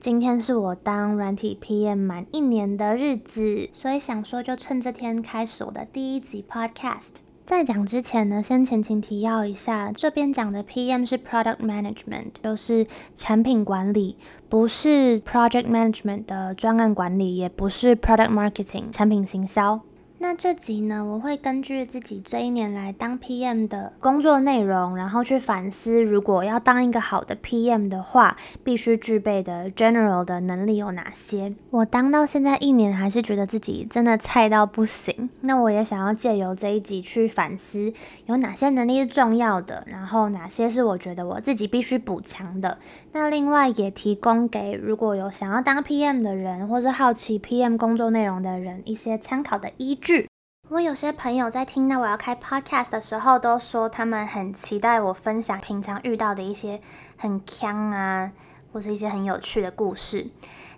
今天是我當軟體 PM 滿一年的日子，所以想說就趁這天開始我的第一集 Podcast。在講之前呢，先前情提要一下，這邊講的 PM 是 Product Management，就是產品管理，不是 Project Management 的專案管理，也不是 Product Marketing 產品行銷。那這集呢，我會根據自己這一年來當 PM 的工作內容，然後去反思，如果要當一個好的 PM 的話，必須具備的 general 的能力有哪些？我當到現在一年，還是覺得自己真的菜到不行。那我也想要借由這一集去反思，有哪些能力是重要的，然後哪些是我覺得我自己必須補強的。那另外也提供給如果有想要當 PM 的人，或是好奇 PM 工作內容的人一些參考的依據。我有些朋友在聽到我要開 podcast 的時候，都說他們很期待我分享平常遇到的一些很嗆啊，或是一些很有趣的故事。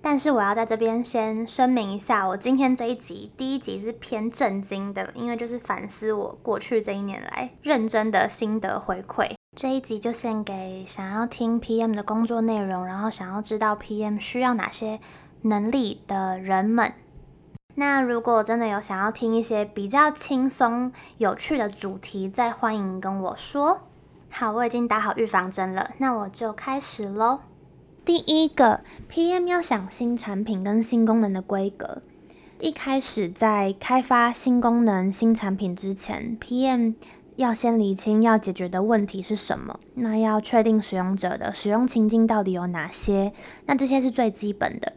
但是我要在這邊先聲明一下，我今天這一集第一集是偏正經的，因為就是反思我過去這一年來認真的心得回饋。這一集就獻給想要聽 PM 的工作內容，然後想要知道 PM 需要哪些能力的人們。那如果真的有想要聽一些比較輕鬆有趣的主題，再歡迎跟我說。好，我已經打好預防針了，那我就開始嘍。第一個，PM 要想新產品跟新功能的規格，一開始在開發新功能、新產品之前，PM 要先釐清要解決的問題是什麼，那要確定使用者的使用情境到底有哪些，那這些是最基本的。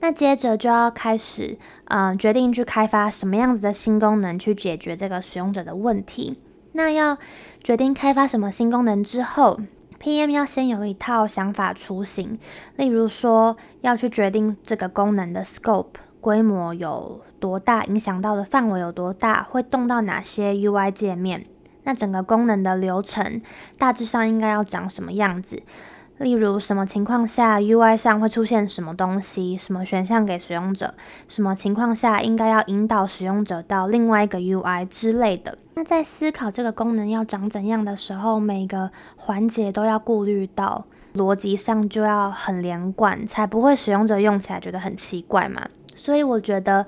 那接着就要開始，嗯、呃，決定去開發什麼樣子的新功能去解決這個使用者的問題。那要決定開發什麼新功能之後，PM 要先有一套想法雛形。例如說，要去決定這個功能的 scope 規模有多大，影響到的範圍有多大，會動到哪些 UI 界面？那整個功能的流程大致上應該要長什麼樣子？例如，什麼情況下 UI 上會出現什麼東西，什麼選項給使用者，什麼情況下應該要引導使用者到另外一個 UI 之類的。那在思考這個功能要長怎樣的時候，每個環節都要顧慮到，邏輯上就要很連貫，才不會使用者用起來覺得很奇怪嘛。所以我覺得。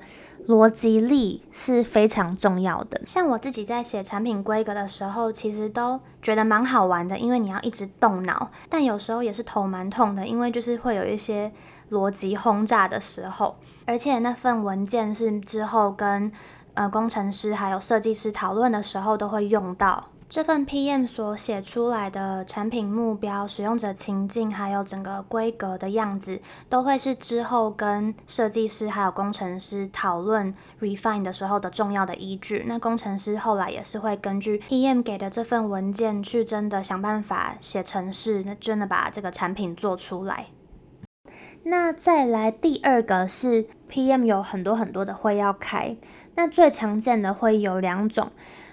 邏輯力是非常重要的。像我自己在寫產品規格的時候，其實都覺得蠻好玩的，因為你要一直動腦。但有時候也是頭蠻痛的，因為就是會有一些邏輯轟炸的時候。而且那份文件是之後跟呃工程師還有設計師討論的時候都會用到。這份 PM 所寫出來的產品目標、使用者情境，還有整個規格的樣子，都會是之後跟設計師還有工程師討論 refine 的時候的重要的依據。那工程師後來也是會根據 PM 給的這份文件去真的想辦法寫程式，那真的把這個產品做出來。那再來第二個是 PM 有很多很多的會要開，那最常見的會有兩種。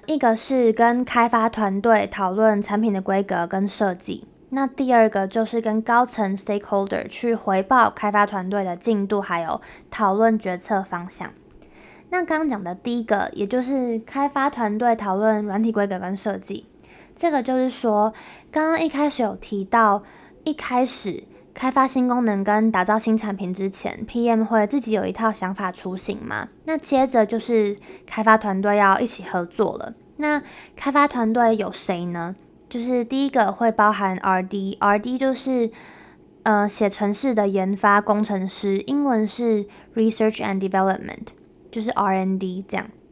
一個是跟開發團隊討論產品的規格跟設計，那第二個就是跟高層 stakeholder 去回報開發團隊的進度，還有討論決策方向。那剛剛講的第一個，也就是開發團隊討論軟體規格跟設計，這個就是說，剛剛一開始有提到，一開始。開發新功能跟打造新產品之前，PM 會自己有一套想法雛形嘛？那接着就是開發團隊要一起合作了。那開發團隊有誰呢？就是第一個會包含 RD，RD 就是呃寫程式的研發工程師，英文是 Research and Development，就是 R&D 這樣。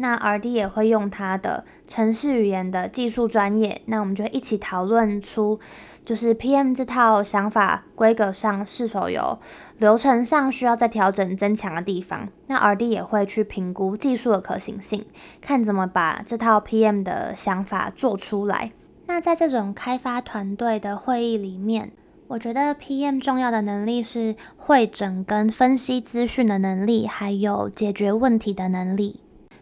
那 R D 也會用他的程式語言的技術專業，那我們就一起討論出，就是 P M 這套想法規格上是否有流程上需要再調整增強的地方。那 R D 也會去評估技術的可行性，看怎麼把這套 P M 的想法做出來。那在這種開發團隊的會議裡面，我覺得 P M 重要的能力是會診跟分析資訊的能力，還有解決問題的能力。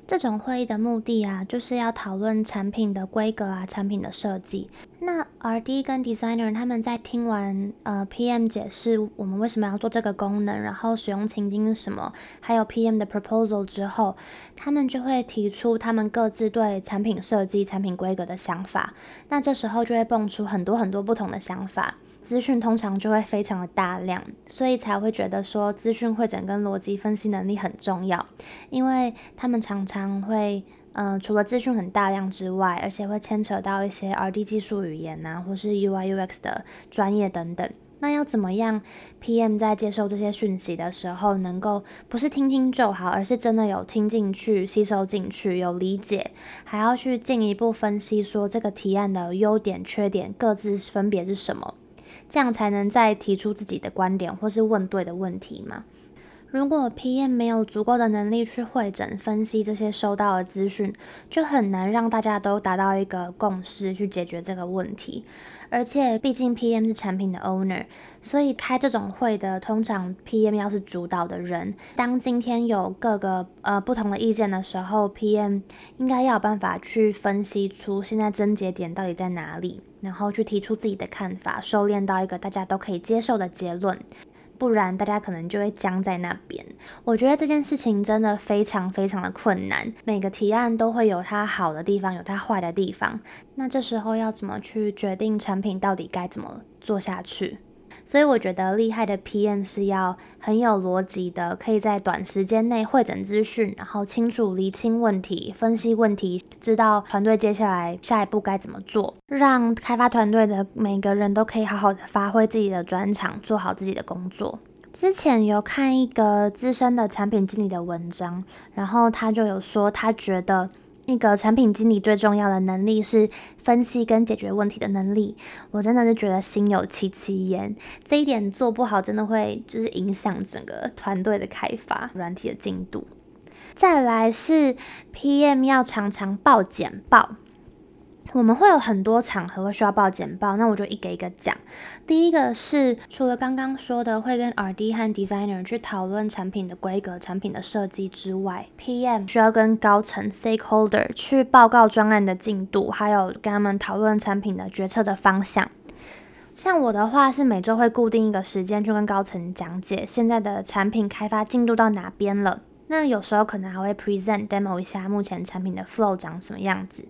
這種會議的目的啊，就是要討論產品的規格啊，產品的設計。那 R D 跟 designer 他們在聽完呃 P M 解釋我們為什麼要做這個功能，然後使用情境是什麼，還有 PM P M 的 proposal 之後，他們就會提出他們各自對產品設計、產品規格的想法。那這時候就會蹦出很多很多不同的想法。資訊通常就會非常的大量，所以才會覺得說資訊彙整跟邏輯分析能力很重要，因為他們常常會，嗯、呃，除了資訊很大量之外，而且會牽扯到一些 R D 技術語言啊，或是 U I U X 的專業等等。那要怎麼樣 P M 在接受這些訊息的時候，能夠不是聽聽就好，而是真的有聽進去、吸收進去、有理解，還要去進一步分析說這個提案的優點、缺點各自分別是什麼。這樣才能再提出自己的觀點，或是問對的問題嘛。如果 PM 沒有足夠的能力去匯整、分析這些收到的資訊，就很難讓大家都達到一個共識去解決這個問題。而且，畢竟 PM 是產品的 owner，所以開這種會的通常 PM 要是主導的人。當今天有各個呃不同的意見的時候，PM 應該要有辦法去分析出現在症結點到底在哪裡，然後去提出自己的看法，收斂到一個大家都可以接受的結論。不然，大家可能就會僵在那邊。我覺得這件事情真的非常非常的困難，每個提案都會有它好的地方，有它壞的地方。那這時候要怎麼去決定產品到底該怎麼做下去？所以我覺得厲害的 PM 是要很有邏輯的，可以在短時間內彙整資訊，然後清楚釐清問題、分析問題，知道團隊接下來下一步該怎麼做，讓開發團隊的每個人都可以好好的發揮自己的專長，做好自己的工作。之前有看一個資深的產品經理的文章，然後他就有說，他覺得。那個產品經理最重要的能力是分析跟解決問題的能力，我真的是覺得心有戚戚焉，這一點做不好，真的會就是影響整個團隊的開發、軟體的進度。再來是 PM 要常常報簡報。我們會有很多場合會需要報簡報，那我就一個一個講。第一個是除了剛剛說的會跟 RD 和 designer 去討論產品的規格、產品的設計之外，PM 需要跟高層 stakeholder 去報告專案的進度，還有跟他們討論產品的決策的方向。像我的話是每週會固定一個時間去跟高層講解現在的產品開發進度到哪邊了。那有時候可能還會 present demo 一下目前產品的 flow 長什麼樣子。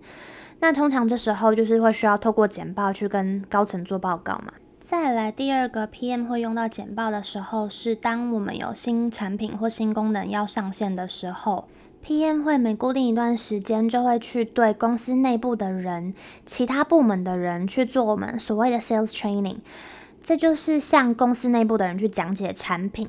那通常這時候就是會需要透過簡報去跟高層做報告嘛。再來第二個，PM 會用到簡報的時候，是當我們有新產品或新功能要上線的時候，PM 會每固定一段時間就會去對公司內部的人、其他部門的人去做我們所謂的 Sales Training，這就是向公司內部的人去講解產品，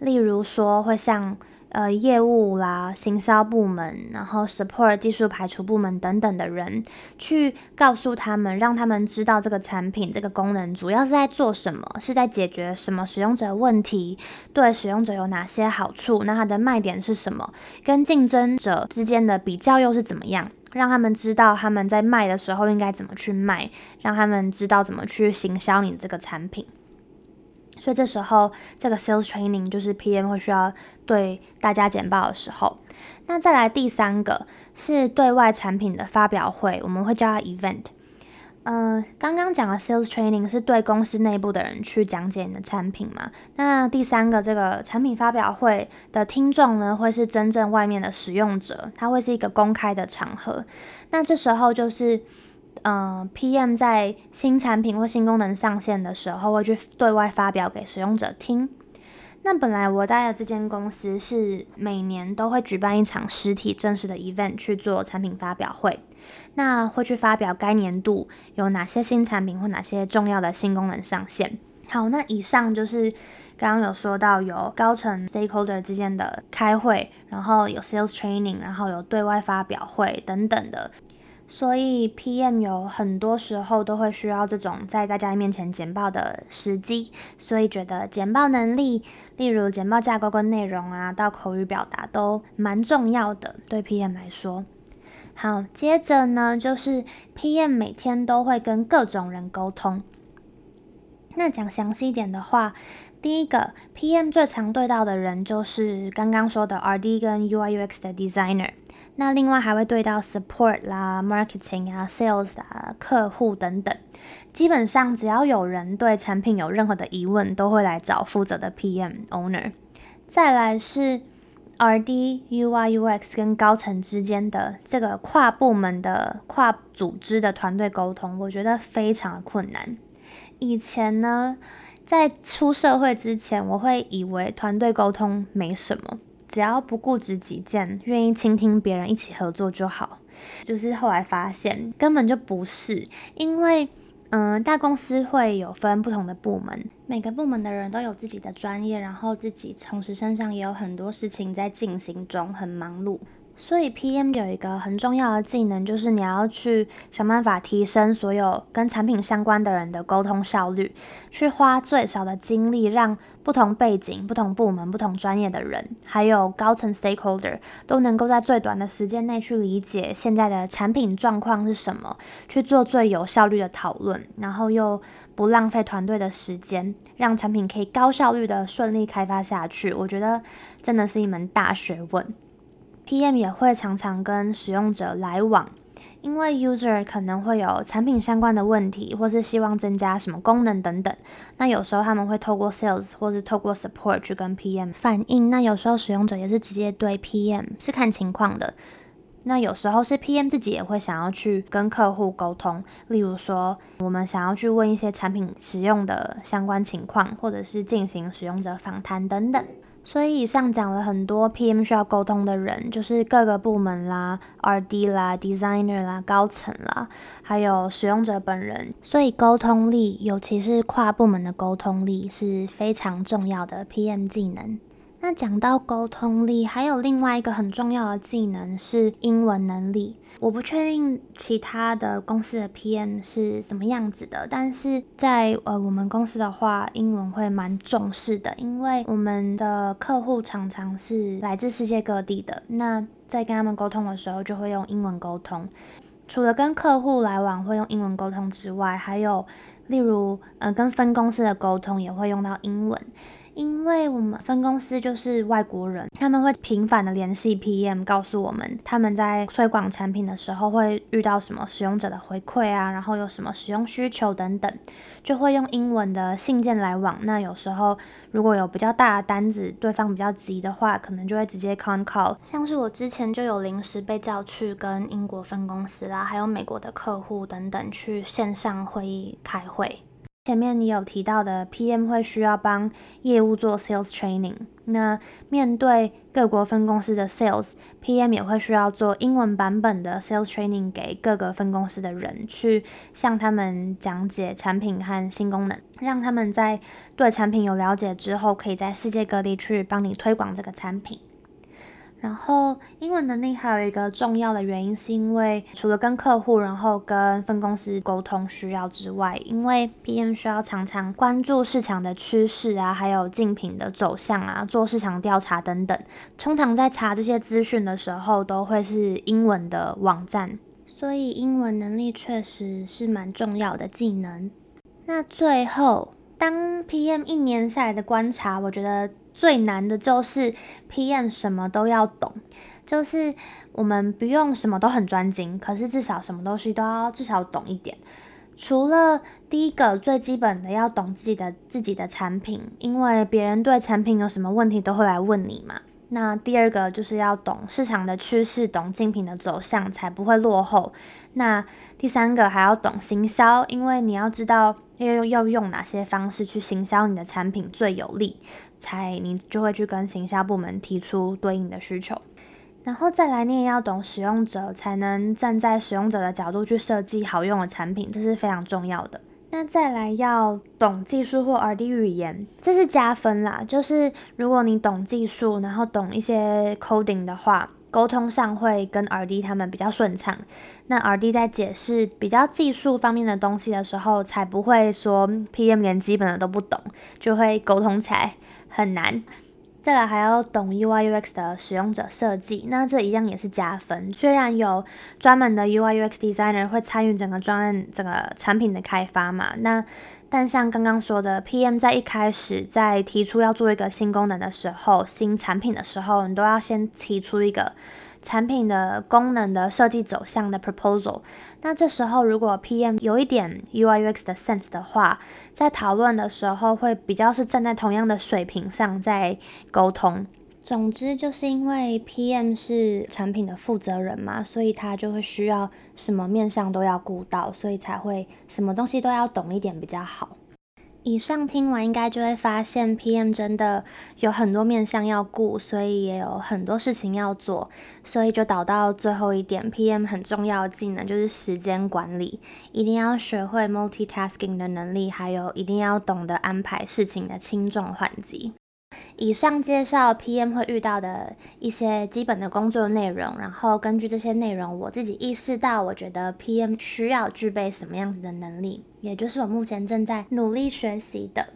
例如說會向。呃，業務啦，行銷部門，然後 support 技術排除部門等等的人，去告訴他們，讓他們知道這個產品、這個功能主要是在做什麼，是在解決什麼使用者問題，對使用者有哪些好處，那它的賣點是什麼，跟競爭者之間的比較又是怎麼樣，讓他們知道他們在賣的時候應該怎麼去賣，讓他們知道怎麼去行銷你這個產品。所以這時候，這個 sales training 就是 PM 會需要對大家簡報的時候。那再來第三個是對外產品的發表會，我們會叫它 event。嗯、呃，剛剛講的 sales training 是對公司內部的人去講解你的產品嘛？那第三個這個產品發表會的聽眾呢，會是真正外面的使用者，它會是一個公開的場合。那這時候就是。嗯，呃，PM 在新產品或新功能上線的時候，會去對外發表給使用者聽。那本來我待的這間公司是每年都會舉辦一場實體正式的 event 去做產品發表會，那會去發表該年度有哪些新產品或哪些重要的新功能上線。好，那以上就是剛剛有說到有高層 stakeholder 之間的開會，然後有 sales training，然後有對外發表會等等的。所以 PM 有很多時候都會需要這種在大家面前簡報的時機，所以覺得簡報能力，例如簡報架構跟內容啊，到口語表達都蠻重要的，對 PM 來說。好，接着呢，就是 PM 每天都會跟各種人溝通。那講詳細一點的話，第一個 PM 最常對到的人就是剛剛說的 RD 跟 UI UX 的 designer。那另外還會對到 support 啦、marketing 啊、sales 啊、客戶等等，基本上只要有人對產品有任何的疑問，都會來找負責的 PM owner。再來是 RD、UI、UX 跟高層之間的這個跨部門的、跨組織的團隊溝通，我覺得非常困難。以前呢，在出社會之前，我會以為團隊溝通沒什麼。只要不固執己見，願意傾聽別人，一起合作就好。就是後來發現根本就不是，因為，嗯、呃，大公司會有分不同的部門，每個部門的人都有自己的專業，然後自己同時身上也有很多事情在進行中，很忙碌。所以 PM 有一個很重要的技能，就是你要去想辦法提升所有跟產品相關的人的溝通效率，去花最少的精力，讓不同背景、不同部門、不同專業的人，還有高層 stakeholder 都能夠在最短的時間內去理解現在的產品狀況是什麼，去做最有效率的討論，然後又不浪費團隊的時間，讓產品可以高效率的順利開發下去。我覺得真的是一門大學問。PM 也會常常跟使用者來往，因為 user 可能會有產品相關的問題，或是希望增加什麼功能等等。那有時候他們會透過 Sales 或是透過 Support 去跟 PM 反映。那有時候使用者也是直接對 PM，是看情況的。那有時候是 PM 自己也會想要去跟客戶溝通，例如說我們想要去問一些產品使用的相關情況，或者是進行使用者訪談等等。所以以上講了很多 PM 需要溝通的人，就是各個部門啦、RD 啦、Designer 啦、高層啦，還有使用者本人。所以溝通力，尤其是跨部門的溝通力，是非常重要的 PM 技能。那講到溝通力，還有另外一個很重要的技能是英文能力。我不確定其他的公司的 PM 是什麼樣子的，但是在呃我們公司的話，英文會蠻重視的，因為我們的客戶常常是來自世界各地的。那在跟他們溝通的時候，就會用英文溝通。除了跟客戶來往會用英文溝通之外，還有例如呃跟分公司的溝通也會用到英文。因為我們分公司就是外國人，他們會頻繁的聯繫 PM，告訴我們他們在推廣產品的時候會遇到什麼使用者的回饋啊，然後有什麼使用需求等等，就會用英文的信件來往。那有時候如果有比較大的單子，對方比較急的話，可能就會直接 con call。像是我之前就有臨時被叫去跟英國分公司啦，還有美國的客戶等等去線上會議開會。前面你有提到的 PM 會需要幫業務做 sales training，那面對各國分公司的 sales，PM 也會需要做英文版本的 sales training 給各個分公司的人，去向他們講解產品和新功能，讓他們在對產品有了解之後，可以在世界各地去幫你推廣這個產品。然後英文能力還有一個重要的原因，是因為除了跟客戶，然後跟分公司溝通需要之外，因為 PM 需要常常關注市場的趨勢啊，還有競品的走向啊，做市場調查等等。通常在查這些資訊的時候，都會是英文的網站，所以英文能力確實是蠻重要的技能。那最後，當 PM 一年下來的觀察，我覺得，最難的就是 PM 什麼都要懂，就是我們不用什麼都很專精，可是至少什麼東西都要至少懂一點。除了第一個最基本的要懂自己的自己的產品，因為別人對產品有什麼問題都會來問你嘛。那第二個就是要懂市場的趨勢，懂競品的走向，才不會落後。那第三個還要懂行銷，因為你要知道要用要用哪些方式去行銷你的產品最有利。才你就會去跟行銷部門提出對應的需求，然後再來你也要懂使用者，才能站在使用者的角度去設計好用的產品，這是非常重要的。那再來要懂技術或 RD 語言，這是加分啦。就是如果你懂技術，然後懂一些 coding 的話，溝通上會跟 RD 他們比較順暢。那 RD 在解釋比較技術方面的東西的時候，才不會說 PM 連基本的都不懂，就會溝通起來很難，再來還要懂 UI UX 的使用者設計，那這一樣也是加分。雖然有專門的 UI UX designer 會參與整個專案、整個產品的開發嘛，那但像剛剛說的，PM 在一開始在提出要做一個新功能的時候、新產品的時候，你都要先提出一個。產品的功能的設計走向的 proposal，那這時候如果 PM 有一點 UI UX 的 sense 的話，在討論的時候會比較是站在同樣的水平上在溝通。總之就是因為 PM 是產品的負責人嘛，所以他就會需要什麼面向都要顧到，所以才會什麼東西都要懂一點比較好。以上聽完應該就會發現，PM 真的有很多面向要顧，所以也有很多事情要做，所以就導到最後一點，PM 很重要的技能就是時間管理，一定要學會 multitasking 的能力，還有一定要懂得安排事情的輕重緩急。以上介紹 PM 會遇到的一些基本的工作的內容，然後根據這些內容，我自己意識到，我覺得 PM 需要具備什麼樣子的能力，也就是我目前正在努力學習的。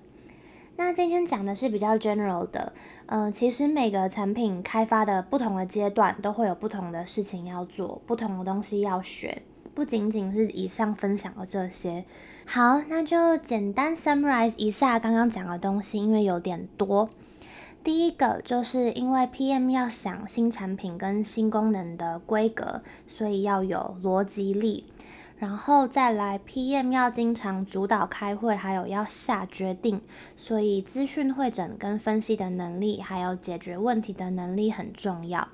那今天講的是比較 general 的，嗯、呃，其實每個產品開發的不同的階段都會有不同的事情要做，不同的東西要學，不僅僅是以上分享的這些。好，那就簡單 summarize 一下剛剛講的東西，因為有點多。第一個就是因為 PM 要想新產品跟新功能的規格，所以要有邏輯力，然後再來 PM 要經常主導開會，還有要下決定，所以資訊彙整跟分析的能力，還有解決問題的能力很重要。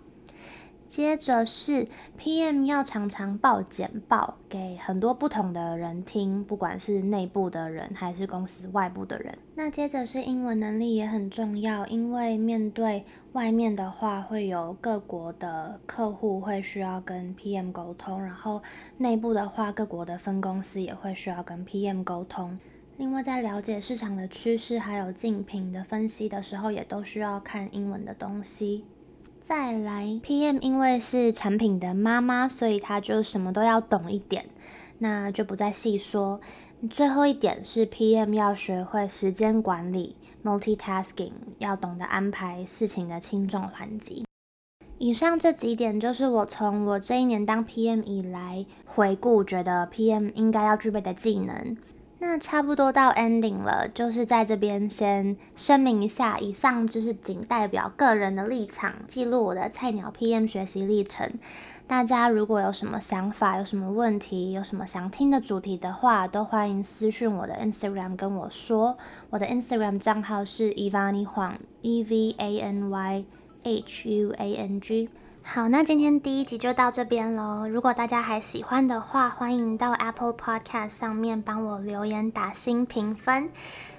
接着是 PM 要常常報簡報給很多不同的人聽，不管是內部的人還是公司外部的人。那接着是英文能力也很重要，因為面對外面的話，會有各國的客戶會需要跟 PM 溝通；然後內部的話，各國的分公司也會需要跟 PM 溝通。另外，在了解市場的趨勢還有競品的分析的時候，也都需要看英文的東西。再來，PM 因為是產品的媽媽，所以他就什麼都要懂一點，那就不再細說。最後一點是，PM 要學會時間管理，multitasking，要懂得安排事情的輕重緩急。以上這幾點就是我從我這一年當 PM 以來回顧，覺得 PM 應該要具備的技能。那差不多到 ending 了，就是在這邊先聲明一下，以上就是僅代表個人的立場，記錄我的菜鳥 PM 學習歷程。大家如果有什麼想法、有什麼問題、有什麼想聽的主題的話，都歡迎私訊我的 Instagram 跟我說。我的 Instagram 賬號是 evanyhuang，E V A N Y H U A N G。好，那今天第一集就到這邊嘍。如果大家還喜歡的話，歡迎到 Apple Podcast 上面幫我留言、打星評分。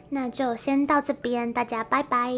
那就先到這邊，大家拜拜。